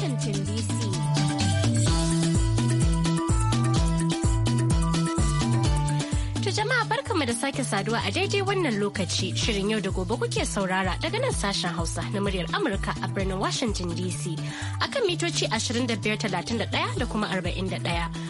Washington DC. To jama'a barkanmu da sake saduwa a daidai wannan lokaci shirin yau da gobe kuke saurara daga nan sashen Hausa na muryar Amurka a birnin Washington DC akan mitoci 2531 da kuma 41.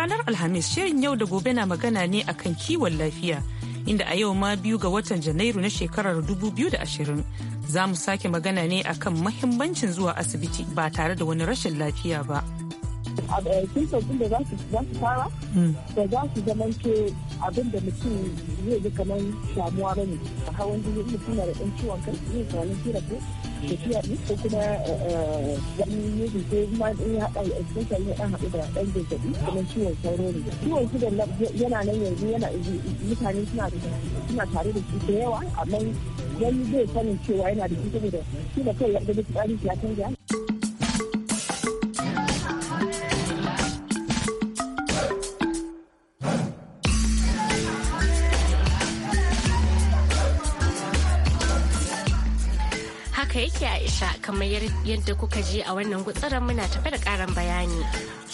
ranar Alhamis shirin yau da gobe na magana ne akan kiwon lafiya. Inda a yau ma biyu ga watan Janairu na shekarar 2020 za mu sake magana ne akan mahimmancin zuwa asibiti ba tare da wani rashin lafiya ba. A da za su fara, hmm. da za su zamanto abin da mutum zai ji kamar shamuwa bane hawan jini mutum na da ɗan ciwon kan zai samu kira ko tafiya ne ko kuma eh, eh, wani yadda ko ma in ya haɗa ya especially ya ɗan haɗu da ɗan zazzaɓi kuma ciwon sauro ne ciwon su da yana nan yanzu yana mutane suna tare da su da yawa amma wani zai sanin cewa yana da shi saboda shi da kai ya ga tsari ya canja yake Aisha kamar yadda kuka ji a wannan gutsaran muna tafe da karan bayani.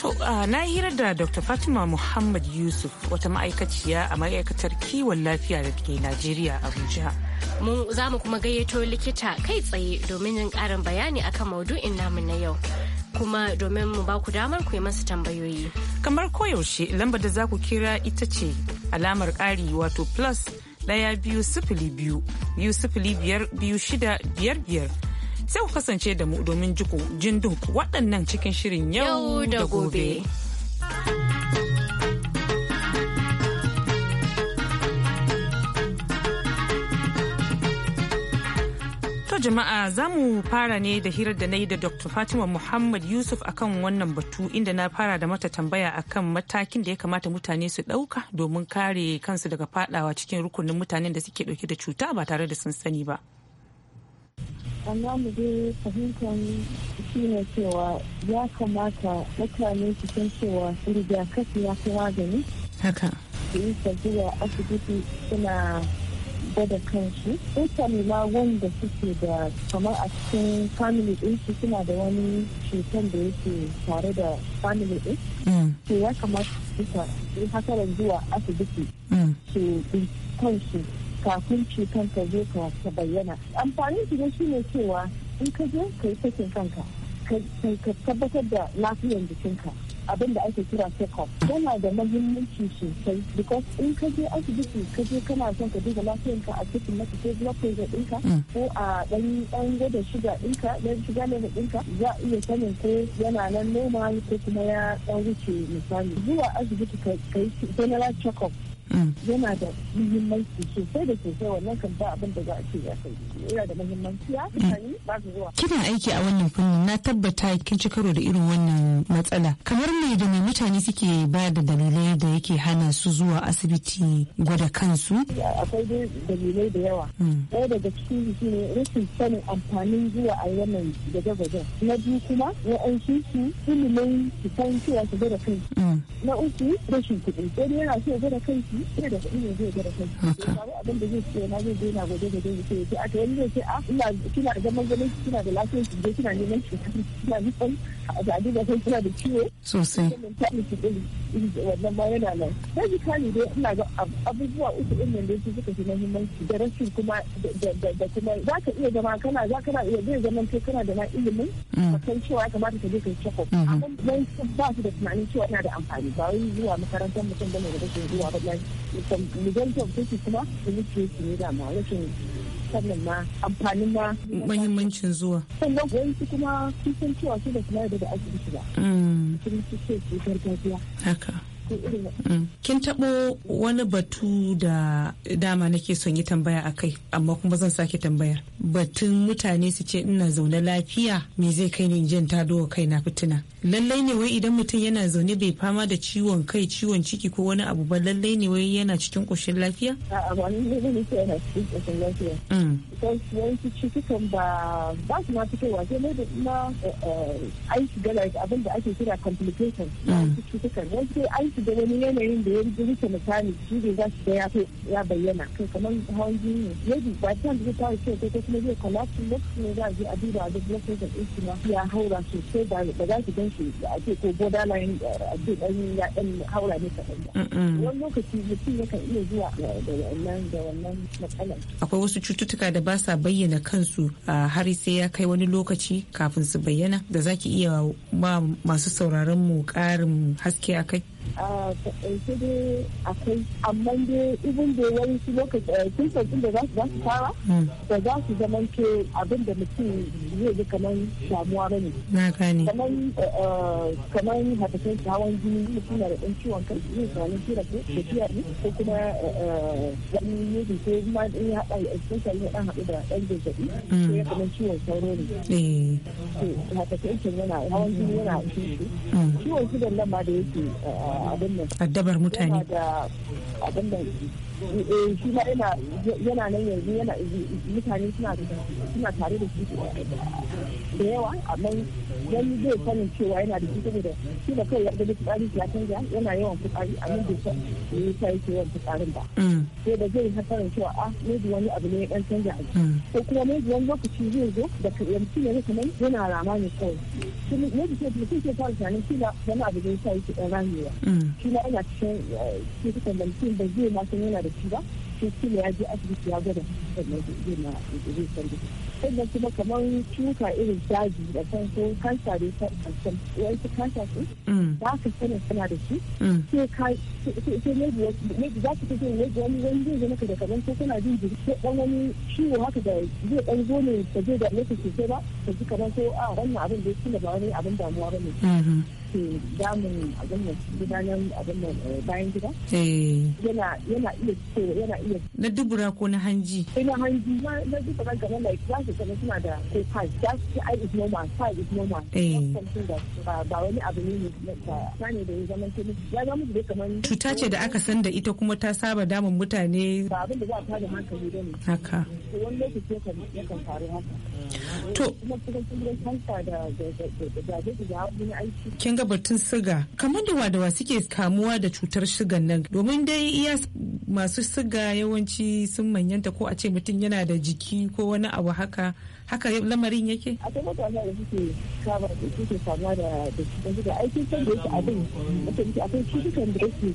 To na yi hira da Dr. Fatima Muhammad Yusuf wata ma'aikaciya a ma'aikatar kiwon lafiya da ke Najeriya Abuja. Mun za mu kuma gayyato likita kai tsaye domin yin karin bayani akan maudu'in namu na yau. kuma domin mu ba ku damar ku yi masa tambayoyi. Kamar koyaushe lambar da za ku kira ita ce alamar ƙari wato plus ɗaya biyu sifili biyu biyu sifili biyar biyu shida biyar biyar sai ku kasance da mu domin jin duk waɗannan cikin shirin yau da gobe. To jama'a za mu fara ne da hirar da na yi da Dr. Fatima Muhammad Yusuf akan wannan batu inda na fara da mata tambaya akan matakin da ya kamata mutane su ɗauka domin kare kansu daga fadawa cikin rukunin mutanen da suke ɗauke da cuta ba tare da sun sani ba. amma mu dai fahimtar shi ne cewa ya kamata mutane su san cewa rigakafi ya fi magani. Haka. yin asibiti suna da kanshi. mutane ma wanda suke da kamar a cikin family din su suna da wani cutar da yake tare da family din ke mm. ya kamata su yi hasarar zuwa asibiti mm. su bi kanshi kafin cutar ta zo ka bayyana amfanin su ne shine cewa in ka je ka yi sakin kanka ka tabbatar da lafiyar jikinka abin da ake kira check-up yana da mahimmanci sosai because in ka je asibiti ka je kana son ka duba lafiyarka a cikin maka ko blood pressure ɗinka mm. ko a ɗan ɗan gwada shiga ɗinka ɗan shiga da ɗinka za a iya sanin ko yana nan normal ko kuma ya ɗan wuce misali zuwa asibiti ka yi general check-up yana da muhimmanci sosai da sosai wannan kan ba abin da za a ce ya kai yana da muhimmanci ya sani ba su zuwa kina aiki a wannan fannin na tabbata kin ci karo da irin wannan matsala kamar me da me mutane suke ba da dalilai da yake hana su zuwa asibiti gwada kansu akwai dai dalilai da yawa hmm. ɗaya daga cikin shi ne rashin sanin amfanin zuwa a yanayi da gaba na biyu kuma wa'ansu su ilimin su san cewa su gwada kansu hmm. na uku rashin kuɗi wani yana so ya gwada kansu ina abin da zai ce na zai je na gode da zai ce a to wani ce a ina kina da zaman ganin kina da lafiya ki je kina neman ki kina nufin a da kai kina da ciwo sosai wannan mm. ma yana nan sai ji kani dai ina ga abubuwa uku din nan dai suka fi muhimmanci da rashin kuma da kuma za ka iya zama kana za kana iya zai zama kai kana da na ilimin ka san cewa ya kamata ka je ka check up amma ba su da tunanin cewa da amfani ba wai zuwa makarantar mutum bane da rashin zuwa ba kuma da ma sannan ma amfanin ma mahimmancin zuwa sannan wani kuma sun san cewa su da kula mm. da asibiti ba sun ce su gargajiya Mm. Kin taɓo wani batu da dama nake son yi tambaya a kai, amma kuma zan sake tambayar. Batun mutane su ce ina zaune lafiya me zai kai ni jin ta dowa kai na fitina. Lallai ne wai idan mutum yana zaune bai fama da ciwon kai ciwon ciki ko wani abu ba lallai ne wai yana cikin koshin lafiya? A'a ba ni ne ne yana cikin ƙoshin lafiya. Mm. Wasu kan ba ba su na fitowa sai ne da kuma eh, eh, aiki galar abin da ake kira complications. Mm. Wasu kan wasu aiki su da wani yanayin da ya rubuta misali shi ne za su ga ya bayyana kai kamar hawan jini ne maybe ba ta da ta ce ko kuma zai kwalafin lokacin ne za a je a duba a duk lokacin ɗin ya haura sosai ba za su gan shi da ake ko layin eh, a duk ɗan ya ɗan haura ne kaɗan wani lokaci mutum yakan iya zuwa da wannan da wannan matsalar. akwai wasu cututtuka da ba sa bayyana kansu har sai ya kai wani lokaci kafin su bayyana da zaki iya ba masu sauraron mu ƙarin haske a kai. a ɗauke dai a kai amma dai ibin eh, da su za su za su fara da hmm. za su zama ke abin da mutum zai ji kamar ba ne. Na gane. Kamar eh, eh, haɗafen hawan jini mutum na da ɗan ciwon kai zai kira ko ne ko kuma wani ma in ya haɗa ya ɗan ya ɗan haɗu da ɗan zazzaɓi hmm. ko ya kamar ciwon sauro ne. yana hawan jini yana hmm. ciwon su da nan ma da yake addabar mutane eh, yana nan yanzu yana mutane suna tare da shi da yawa amma zai cewa yana da shi saboda shi da kai yadda duk tsari ya canja yana yawan fitsari amma da yake yawan fitsarin ba mm. sai da zai hasarin cewa a ah, maybe wani abu ne ya dan canja mm. ko kuma maybe wani lokaci zai zo da yanzu ne yana rama ne kawai shi ne da ke mutum ke fara tunanin shi na wani abu da ya sa yake ɗan ramewa shi yana cikin cikin da mutum ba zai ma san yana da shi ba shi kila ya je asibiti ya gwada sannan zai na zai san sannan kuma kamar cuta irin daji da kan ko kansa da ta kansan wasu kansa su ba mm. ka sanin suna da shi mm. sai ka za ka tafi maybe wani wani zai zama ka da kamar ko kana jin jiri ko dan wani ciwo haka da zai dan zo ne ka zai da maka sosai ba ka ji kamar ko a ah, wannan abin da kila ba wani abin damuwa ba ne mm-hmm. damun abin nan gudanar abin nan eh, bayan gida eh. yana iya Na dubura ko na hanji? Na hanji na da da ko Cuta ce da aka san da ita kuma ta saba damun mutane. Ba abin da za a tada hankali ne. Haka. Wani lokaci kan faru haka. To. Kin ga batun siga kamar da wa suke kamuwa da cutar sigan nan domin dai iya masu siga yawanci sun manyanta ko a ce mutum yana da jiki ko wani abu haka haka lamarin yake akwai mutane da suke kama da suke kama da da aikin san da yake abin mutum ke akwai cikin da yake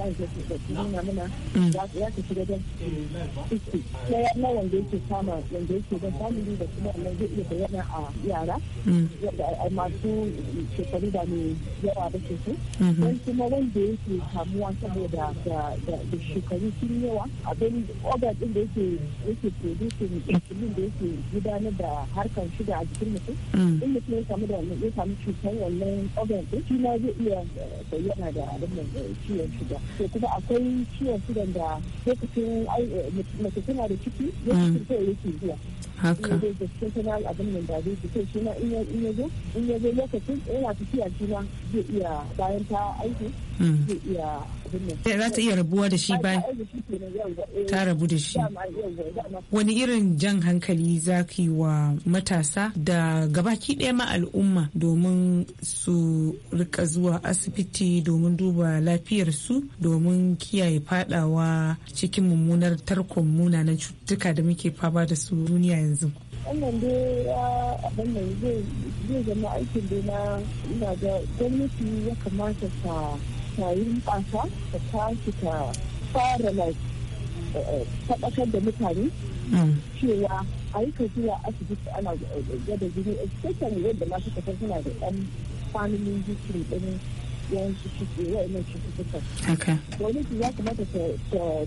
ya ka shiga don ɗaya na wanda yake kama wanda yake don family da kuma wannan zai iya bayyana a yara masu shekaru da mai yawa da ke su don kuma wanda yake kamuwa saboda da shekaru sun yawa abin organ ɗin da yake yake producing insulin da yake gudanar da harkar shiga a jikin mutum in mutum ya samu da wannan ya samu cutar wannan organ ɗin shi ma zai iya bayyana da abin ciwon shiga to kuma akwai ciwon sugan da lokacin eh, mace tana da ciki mm. lokacin kawai yake zuwa haka ne da personal abin nan da zai fito shi ma in ya zo in ya zo lokacin yana tafiya shi ma zai iya bayan ta aiki zai iya eh, za ta iya rabuwa da shi ba ta rabu da shi wani irin jan hankali za ki wa matasa da gabaki ɗaya ma al'umma domin su rika zuwa asibiti domin duba lafiyarsu domin kiyaye fadawa cikin mummunar tarkon munanan cututtuka da muke fama da su duniya yanzu wannan dai ya zai zama aikin da na ina da gwamnati ya kamata ta ta yi bunƙasa ta tashi ta fara faɗakar eh, eh, da mutane mm. cewa a yi zuwa asibiti ana eh, gwada jini especially yadda masu kasar suna da ɗan family history ɗin yan ciki wa'annan cututtukan. Gwamnati ya kamata ta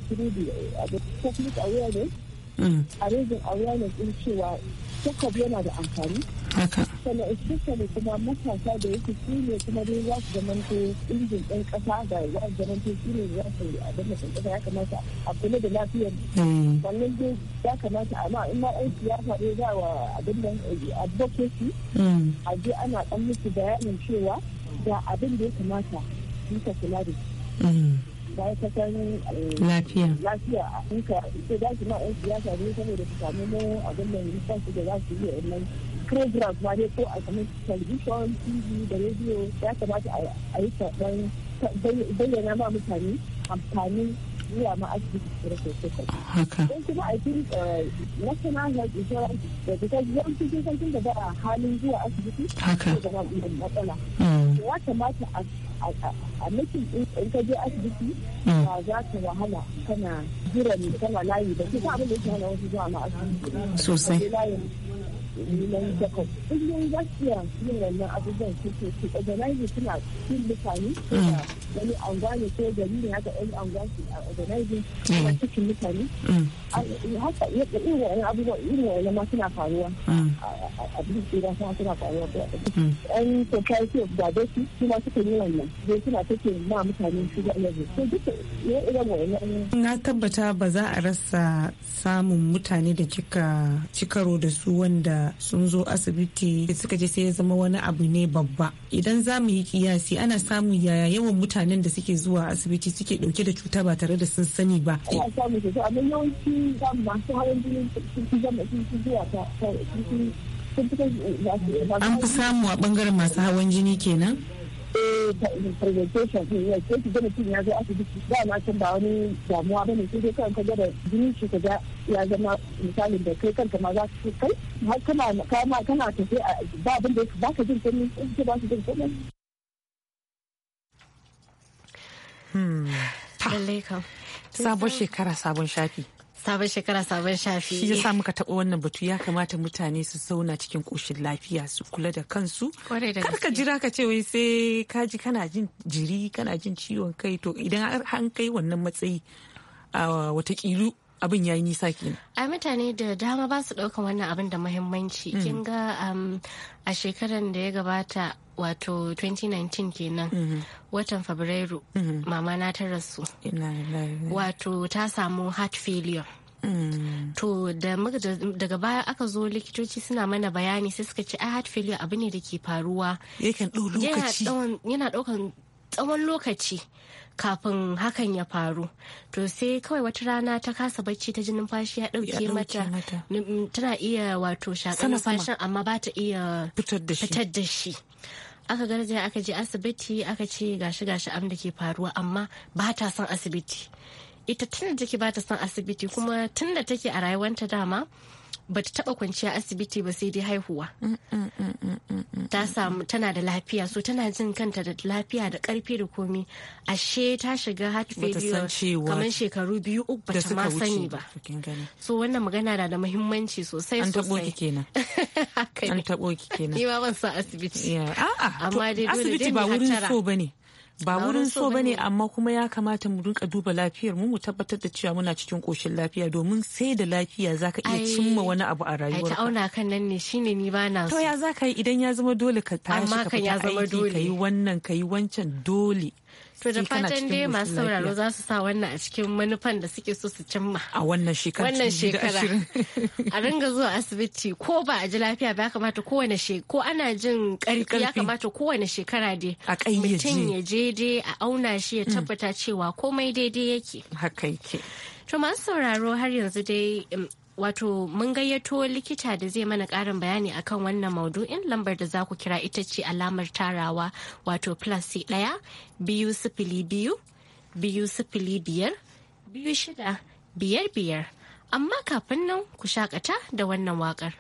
turu da public awareness mm. a raising awareness ɗin cewa takwas yana da amfani sannan especially kuma matasa da yake su ne kuma dai za su zama to injin ɗan ƙasa ga za su zama to su ne za su a ɗan ƙasa ya kamata a kula da lafiyar wannan mm. dai ya kamata amma in ma ɗan siyasa dai za wa abin nan eh, advocacy mm. a je ana ɗan musu bayanin cewa da abin da ya kamata su ka kula da shi. Mm. ma'aikatan eh, lafiya lafiya a ɗinka ita da ma 'yan siyasa ne saboda su samu abin nan da za su yi a program ma dai ko a kamar television tv da radio ya kamata a yi karɓar bayyana ma mutane amfanin zuwa ma asibiti su rasa sukar. Haka. Don kuma a cikin uh, national health insurance da ta yawanci cikin san da ba halin zuwa asibiti. Haka. Da ba matsala. Mm. Ya kamata a mutum in ka je asibiti mm. ba za ka wahala kana jiran kana layi da Kusa abin da ya hana wasu zuwa ma asibiti. Sosai. miliyan takwas kullum gaskiya yin wannan abubuwan suke su organize suna mutane wani anguwa ne ko gari ne haka yan anguwa su organize suna cikin mutane haka abubuwan irin faruwa a duk tsira kuma suna faruwa yan society of diversity su yi wannan zai suna take ma mutane su yanzu so irin na tabbata ba za a rasa samun mutane da kika cikaro da su wanda sun zo asibiti da suka je sai ya zama wani abu ne babba idan za mu yi kiyasi ana samun yaya yawan mutanen da suke zuwa asibiti suke dauke da cuta ba tare da sun sani ba ana samun amma yawanci masu hawan jini sun zama sun zuwa ta an fi samu a bangaren masu hawan jini kenan eh ne mutum ya zo asibiti ba ma ba wani damuwa ba ne sai ga zama misali da kai kanka ma za su kana kana tafi ba abin Sabon shekara sabon shafi. sabon shekara sabon shafi shi yasa muka taɓa wannan batu ya kamata mutane su zauna cikin ƙoshin lafiya su kula da kansu karka jira ka ce wai sai ka ji kana jin jiri kana jin ciwon kai to idan har an kai wannan matsayi a watakilu abin ya yi nisa kenan. ai mutane da dama ba su ɗaukan wannan abin da muhimmanci mm. kin ga um, a shekaran da ya gabata wato 2019 kenan mm-hmm. watan fabrairu mm-hmm. mama na ta rasu wato ta samu heart failure mm. To daga baya aka zo likitoci suna mana bayani sai suka ce a heart failure abu ne da ke faruwa. Yana ɗaukan tsawon lokaci kafin hakan ya faru to sai kawai wata rana ta kasa bacci ta ji numfashi ya dauke mata tana iya wato shaka numfashin amma ba ta iya fitar da shi aka garzaya aka je asibiti aka ce gashi gashi am da ke faruwa amma ba ta son asibiti ita tana da take ba ta son asibiti kuma tun da take a rayuwanta dama ba ta taba kwanciya asibiti ba sai dai haihuwa mm, mm, mm, ta samu tana da lafiya so tana jin kanta da lafiya da karfi da komi ashe ta shiga heart failure kamar shekaru biyu uku ba ta ma sani ba so wannan magana na da muhimmanci sosai sosai an tabo ki kenan an tabo ki kenan ni ma ban sa asibiti amma dai dole dai asibiti ba wurin so bane ba wurin so ba ne amma kuma ya kamata mu rinka duba lafiyar mu mu tabbatar da cewa muna cikin koshin lafiya domin sai da lafiya zaka iya cimma wani abu a rayuwar ka auna kan nan ne shine ni ba na to ya zaka yi idan ya zama dole ka tashi ka fita aiki ka yi wannan ka wancan dole To da fatan dai masu sauraro za su sa wannan a cikin manufan da suke so su cimma. A wannan shekara. Wannan shekara. A ringa zuwa asibiti ko ba a ji lafiya ba ya kamata kowane shekara ko ana jin karfi ya kamata kowane shekara dai. A Mutum ya je dai a auna shi ya mm. tabbata cewa komai daidai yake. Haka yake. To masu sauraro har yanzu dai um, wato mun gayyato likita da zai mana karin bayani akan wannan maudu'in lambar da za ku kira ita ce alamar tarawa wato plus ɗaya biyu sifili biyu biyu sifili biyar biyu shida biyar biyar amma kafin nan ku shakata da wannan wakar.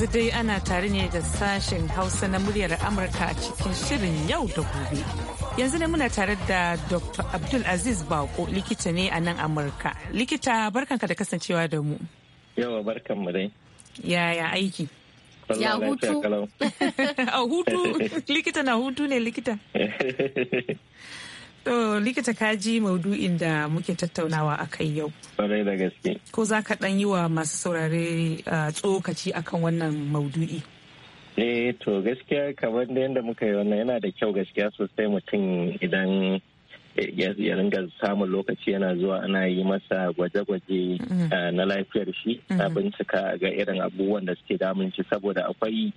yanzu dai ana tare ne da sashen hausa na muryar amurka a cikin shirin yau da gobe yanzu ne muna tare da dr abdul aziz bako likita ne a nan amurka likita barkanka da kasancewa da mu yawa barkan mu dai yaya aiki ya hutu a hutu likita na hutu ne likita To likita ji maudu'in da muke tattaunawa a kai yau. Kwarai da gaske. Ko za ka ɗan yi wa masu saurare tsokaci akan wannan maudu'i? Eh to gaskiya kamar da yadda muka yi wannan yana da kyau gaskiya sosai mutum idan ya ringa samun lokaci yana zuwa ana yi masa gwaje-gwaje mm-hmm. na lafiyar shi mm-hmm. a bincika ga irin abubuwan da suke damun shi saboda akwai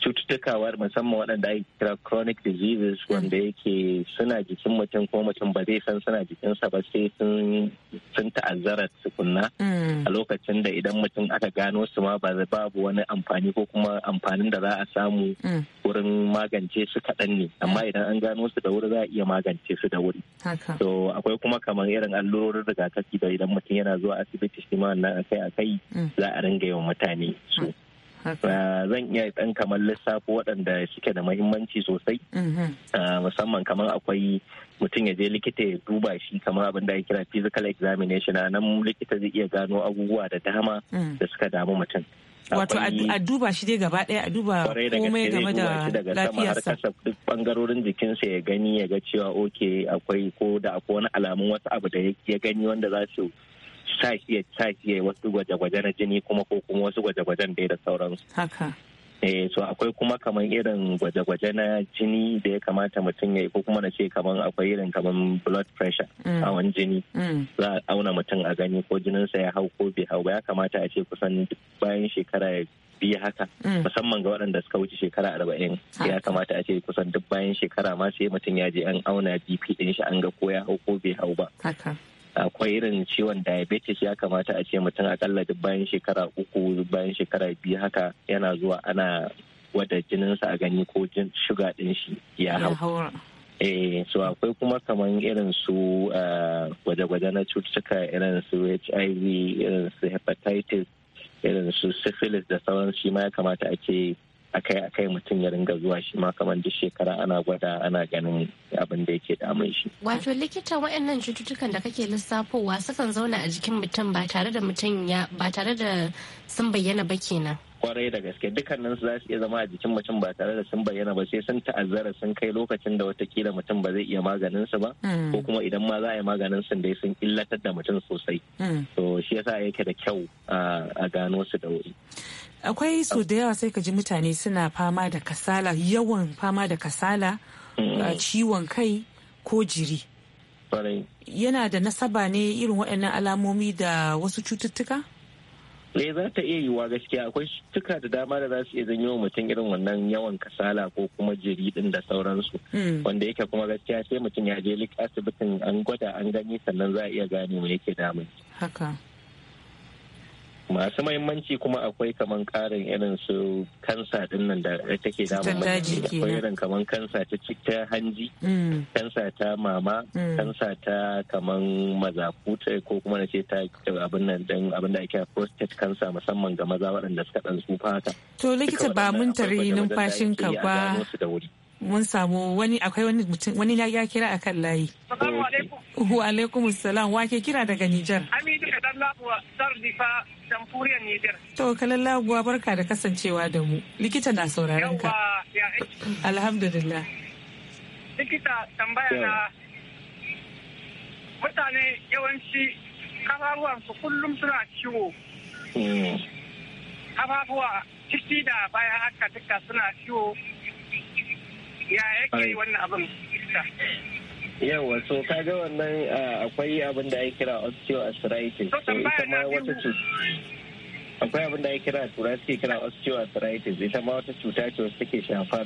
cututtuka musamman waɗanda ake kira chronic diseases hmm. wanda yake suna jikin mutum ko mutum ba zai san suna jikinsa ba sai sun ta'azzara tukunna hmm. a lokacin da idan mutum aka gano su ma ba babu wani amfani ko kuma amfanin da za a samu hmm. wurin magance su kaɗan ne amma idan an gano su da wuri za a iya magance su da wuri to akwai kuma kamar irin allurorin rigakafi da idan mutum yana zuwa asibiti shi ma wannan akai-akai za a ringa yawan mutane su. zan iya ɗan kamar lissafo waɗanda suke da mahimmanci sosai mm-hmm. ah, musamman kamar akwai mutum ya je likita ya duba shi kamar abin da ya kira physical examination a nan likita zai iya gano abubuwa da dama mm. da suka damu mutum wato a duba shi dai gaba ɗaya a duba komai game da lafiyarsa duk bangarorin jikinsa ya gani ya ga cewa oke akwai ko da akwai wani alamun wasu abu da ya gani wanda za su sha shi wasu gwaje-gwaje na jini kuma ko kuma wasu gwaje-gwajen dai da sauransu haka eh so akwai kuma kamar irin gwaje-gwaje na jini da ya kamata mutum ya yi ko kuma na ce kamar akwai irin kamar blood pressure mm. a wani jini mm. za a auna mutum a gani ko jininsa ya hau ko bai hau ba ya kamata a ce kusan bayan shekara biyu haka mm. musamman ga waɗanda suka wuce shekara arba'in ya kamata a ce kusan duk bayan shekara ma sai mutum ya je an auna bp ɗin shi an ga ko ya hau ko bai hau ba akwai irin ciwon diabetes ya kamata a ce mutum akalla duk bayan shekara uku bayan shekara biyu haka yana zuwa ana wada jininsa a gani ko jin shuga din shi ya hau eh, so akwai kuma kaman irin su eh, gwaje-gwaje na cututtuka irin su hiv irin su hepatitis irin su syphilis da sauran shi ma ya kamata a ce akai-akai mutum ya ringa zuwa shi ma kamar duk shekara ana gwada ana ganin abin da yake damun shi. Wato likita waɗannan cututtukan da kake lissafowa sukan zauna a jikin mutum ba tare da mutum ya ba tare da sun bayyana ba kenan. kwarai da gaske dukkanin su za su iya zama a jikin mutum ba tare da sun bayyana ba sai sun ta'azzara sun kai lokacin da watakila mutum ba zai iya maganin su ba hmm. ko kuma idan ma za a yi maganin su dai sun illatar da mutum sosai hmm. to shi yasa yake da kyau a gano su da wuri akwai su da yawa sai ka ji mutane suna fama da kasala yawan fama da kasala hmm. ciwon kai ko jiri yana da nasaba ne irin waɗannan alamomi da wasu cututtuka? eh za ta iya yiwuwa gaskiya akwai shuka da dama da za su iya zanyo mutum irin wannan yawan kasala ko kuma jiri din da sauransu hmm. wanda yake kuma gaskiya sai mutum ya je asibitin an gwada an gani sannan za a iya gane me yake damun haka masu mahimmanci kuma akwai kaman karin irin su kansa din nan da take damun mai akwai irin kamar kansa ta cikin hanji mm. kansa ta mama mm. kansa ta kaman mazakuta ko kuma na ce ta abin nan din abin da ake prostate kansa musamman ga maza waɗanda suka ɗan su fata. to likita ba mun tare numfashin ka ba mun samu wani akwai wani mutum wani ya kira akan layi wa alaikum salam wa ke kira daga Nijar. kalallabuwa sar difa jamhuriyar Nijar. To barka da kasancewa da mu. Likita na sauraron ka. Alhamdulillah. Likita tambaya na mutane yawanci su kullum suna ciwo. Mm. Kafafuwa ciki da baya haka duka suna ciwo. Ya yake wannan abin. yawa so kaga wannan ah, akwai abin da ake kira osteoarthritis so ita ma wata ce akwai abin da ake kira turai suke kira osteoarthritis ita ma wata cuta ce wasu take shafar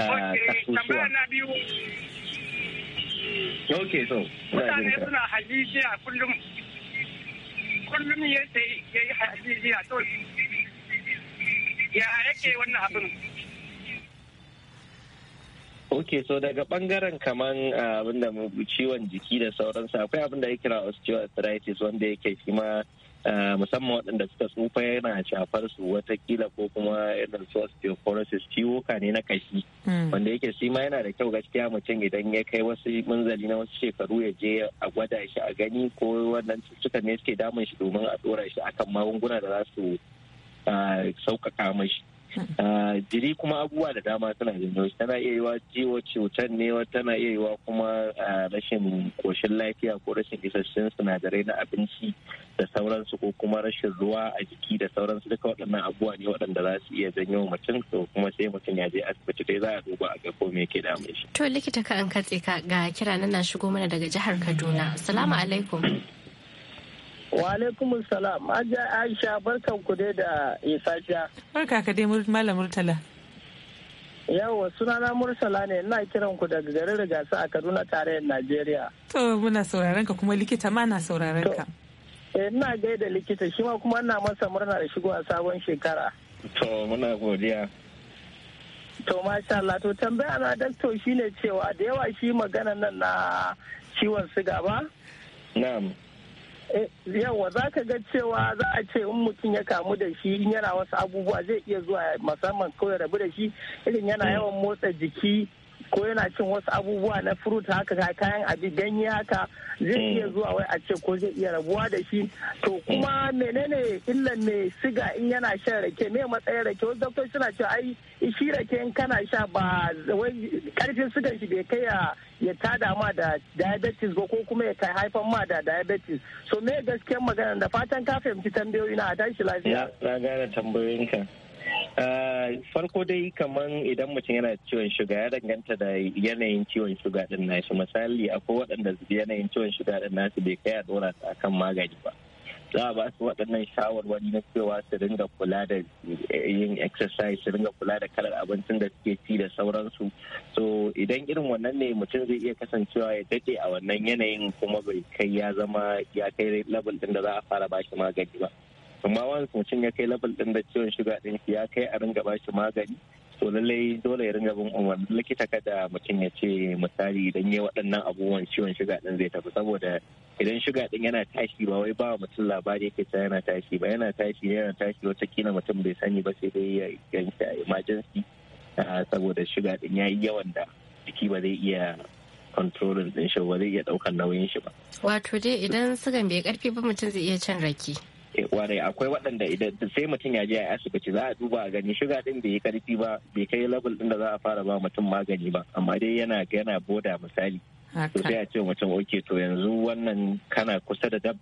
ah, kasusuwa ok so mutane suna hajijiya kullum kullum ya yi hajijiya to ya yake wannan abin ok so daga bangaren kaman ah, abin da ciwon jiki da sauransu akwai abin da ya kira osteoarthritis wanda yake shi ma ah, musamman waɗanda suka tsufa yana shafar su watakila ko kuma irin su osteoporosis ciwoka ne na kashi hmm. wanda yake shi ma yana da kyau gaskiya mutum idan ya kai wasu munzali na wasu shekaru ya je a gwada shi a gani ko wannan cututtuka ne suke damun shi domin a ɗora shi akan magunguna da za su ah, sauƙaƙa mashi Ah, jiri kuma abubuwa da dama suna janyo shi tana iya yiwa ciwo cutar ne tana iya yiwa kuma ah, rashin koshin lafiya ko rashin isassun sinadarai na abinci da sauransu ko kuma rashin ruwa a jiki da sauransu duka waɗannan abubuwa ne waɗanda za su iya janyo mutum to kuma sai mutum ya je asibiti dai za a duba a ga ko me ke damun shi. To likita ka an katse ka ga kira na shigo mana daga jihar Kaduna. Salamu alaikum. Wa salam salam. Aisha barkan ku dai da safiya. Barka ka dai Malam Murtala. Yawwa sunana murtala ne ina kiran ku daga garin Rigasa a Kaduna tarayyar Najeriya. To muna sauraron ka kuma likita ma na sauraron ka. Eh, ina gaida likita shi ma kuma ina masa murna da a sabon shekara. To muna godiya. To masha Allah to tambaya na dakto shine cewa da yawa shi magana nan na ciwon siga ba? Na'am. Eh, yawa za ka ga cewa za a ce in mutum ya kamu da shi in yana wasu abubuwa zai iya zuwa musamman kawai rabu da shi irin yana yawan motsa jiki ko yana cin wasu abubuwa na fruit haka ka kayan abi ganye haka zai mm. iya zuwa wai a ce ko zai iya rabuwa da shi to kuma menene illan ne siga in yana shan rake me matsayin rake wasu doktoci suna cewa ai shi rake in kana sha ba wai karfin sigan shi bai kai ya ya tada ma da diabetes ba ko kuma ya kai haifan ma da diabetes so me gaskiyar magana da fatan ka fahimci tambayoyi na a tashi lafiya na gane tambayoyinka Eh, farko dai kamar idan mutum yana ciwon shuga ya danganta da yanayin ciwon shuga din nasu misali akwai waɗanda yanayin ciwon shuga din nasu bai kai a dora su akan magani ba za a ba su waɗannan shawarwari na cewa su ringa kula da eh, yin exercise su ringa kula da kalar abincin da suke ci da sauransu so idan irin wannan ne mutum zai iya kasancewa ya daɗe a wannan yanayin kuma bai kai ya zama ya kai level din da za a fara ba magani ba amma wani mutum ya kai level din da ciwon shuga din ya kai a ringa bashi magani to lallai dole ya ringa bin umarnin likita kada mutum ya ce misali idan ya waɗannan abubuwan ciwon shuga din zai tafi saboda idan shuga din yana tashi ba wai ba mutum labari yake ta yana tashi ba yana tashi yana tashi watakila mutum bai sani ba sai dai ya a emergency ah, saboda shuga din ya yi yawan da jiki ba zai iya kontrolin din shi ba zai iya ɗaukar nauyin shi ba. Wato dai idan sugan bai karfi ba mutum zai iya cin rake. kwarai eh, akwai waɗanda idan sai mutum ya je a asibiti za a duba a gani shuga din bai yi karfi ba bai kai level din da za a fara ba mutum magani ba amma dai yana yana boda misali to sai a ce mutum oke to yanzu wannan kana kusa da dab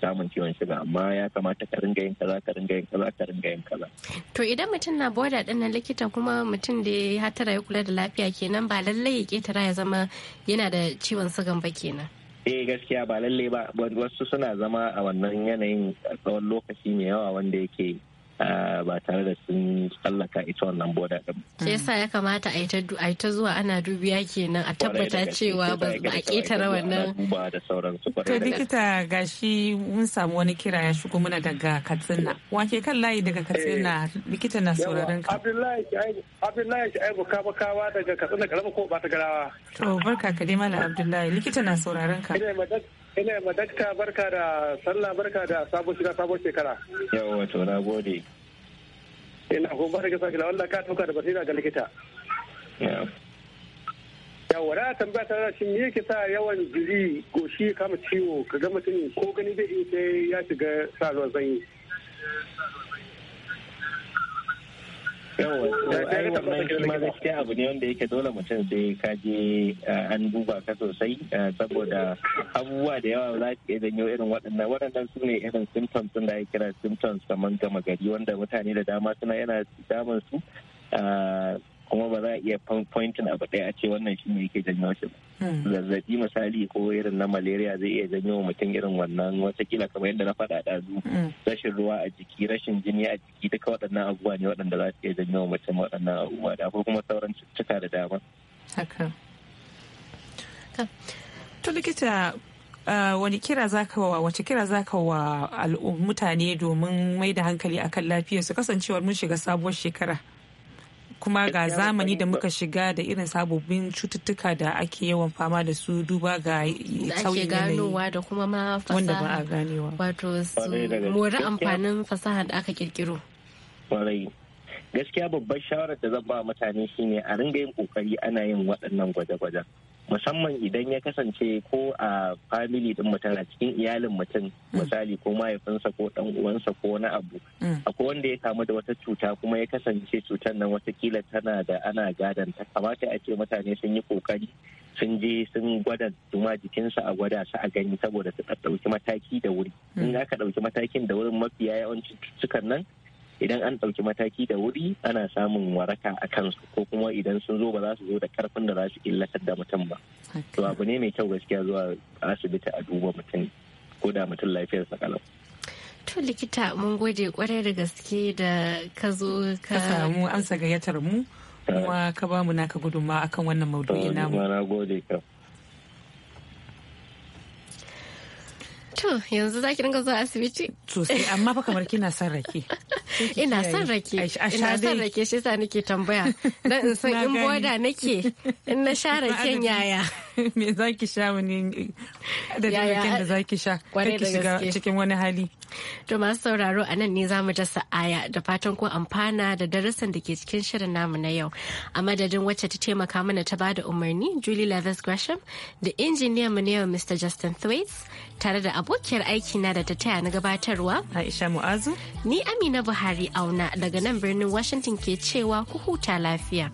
samun ciwon shiga amma ya kamata ka ringa yin kaza ka ringa yin kaza ka ringa yin kaza to idan mutum na boda din nan likita kuma mutum da ya tara ya kula da lafiya kenan ba lallai ya ketara ya zama yana da ciwon sugan ba kenan eh gaskiya ba lalle ba wasu suna zama a wannan yanayin tsawon lokaci mai yawa wanda yake Eh, ba tare da sun tsallaka ita wannan boda din. Ke yasa ya kamata a yi ta zuwa ana dubiya kenan a tabbata cewa ba a ketare wannan. To likita gashi mun samu wani kira ya shigo mana daga Katsina. Wake kan layi daga Katsina eh. likita na sauraron ka. Abdullahi buka Kabakawa daga Katsina Karama ko ba ta garawa. To barka ka dai mala Abdullahi likita na sauraron ka. Ina ma dakta barka da sallah barka da sabon shiga sabon shekara. Yawwa to na gode. Ina ko ga sake la wallahi ka tuka da basira ga likita. Yawwa da tambaya ta da shi me yake sa yawan jiri goshi kama ciwo ka ga mutum ko gani zai iya sai ya shiga sa ruwan sanyi. yawa ai wannan gaskiya abu ne wanda yake dole mutum sai ka je eh, an duba ka sosai eh, saboda abubuwa da yawa za ka iya janyo irin waɗannan waɗannan su ne irin symptoms da ya kira symptoms kamar gama gari wanda mutane da dama suna yana damun su eh, kuma ba za a iya pointin abu daya a ce wannan shi ne yake janyo shi ba hmm. zazzabi misali ko irin na malaria zai iya janyo mutum irin wannan watakila kamar yadda na faɗa ɗazu hmm. rashin ruwa a jiki rashin jini a jiki duka waɗannan abubuwa ne waɗanda za su iya janyo mutum waɗannan abubuwa da akwai kuma sauran cututtuka da dama. to likita uh, wani kira za ka wa wace kira za ka wa mutane domin mai da hankali akan lafiyarsu kasancewar mun shiga sabuwar shekara kuma ga zamani da muka shiga da irin sababbin cututtuka da ake yawan fama da su duba ga sauyin yanayi da kuma wanda ba a ganewa wato su mori amfanin fasaha da aka kirkiro gaskiya babbar shawarar da zan ba mutane shine a ringa yin kokari ana yin waɗannan gwaje-gwajen musamman idan ya kasance ko a family din mutum a cikin iyalin mutum hmm. misali ko mahaifinsa ko dan uwansa ko wani abu hmm. akwai wanda ya kamu da wata cuta kuma ya kasance cutar nan watakila tana da ana gadon ta kamata a ce mutane sun yi kokari sun je sun gwada juma jikinsa a gwada su a gani saboda su ɗauki mataki da wuri in hmm. aka ɗauki matakin da wurin mafiya yawancin cutukan nan idan an ɗauki mataki da wuri ana samun waraka a kansu ko kuma idan sun zo ba za su zo da karfin da za su illatar da mutum ba to abu ne mai kyau gaskiya zuwa asibiti a duba mutum ko da mutum lafiyarsa kalau To likita mun gode kwarai da gaske da ka zo ka samu amsa gayyatar mu kuma ka bamu naka gudunmawa akan wannan maudu'i namu. Na gode ka. To yanzu zaki dinga zuwa asibiti? Sosai amma fa kamar kina son rake. Ina son rake. Ina son rake shi sa nake tambaya. Dan in san in boda nake in na sha raken yaya. Me zaki sha wani da rake da zaki sha? Eh, kwarai da shiga cikin wani hali. To masu sauraro a nan ne za mu ta sa'aya da fatan ko amfana da darasin da ke cikin shirin namu na yau. A madadin wacce ta taimaka mana ta bada umarni Julie Leathers Gresham da injiniyan mu ne Mr. Justin Thwaites tare da abokiyar aiki na da ta taya na gabatarwa Aisha Mu'azu ni Amina Buhari auna daga nan birnin Washington ke cewa ku huta lafiya.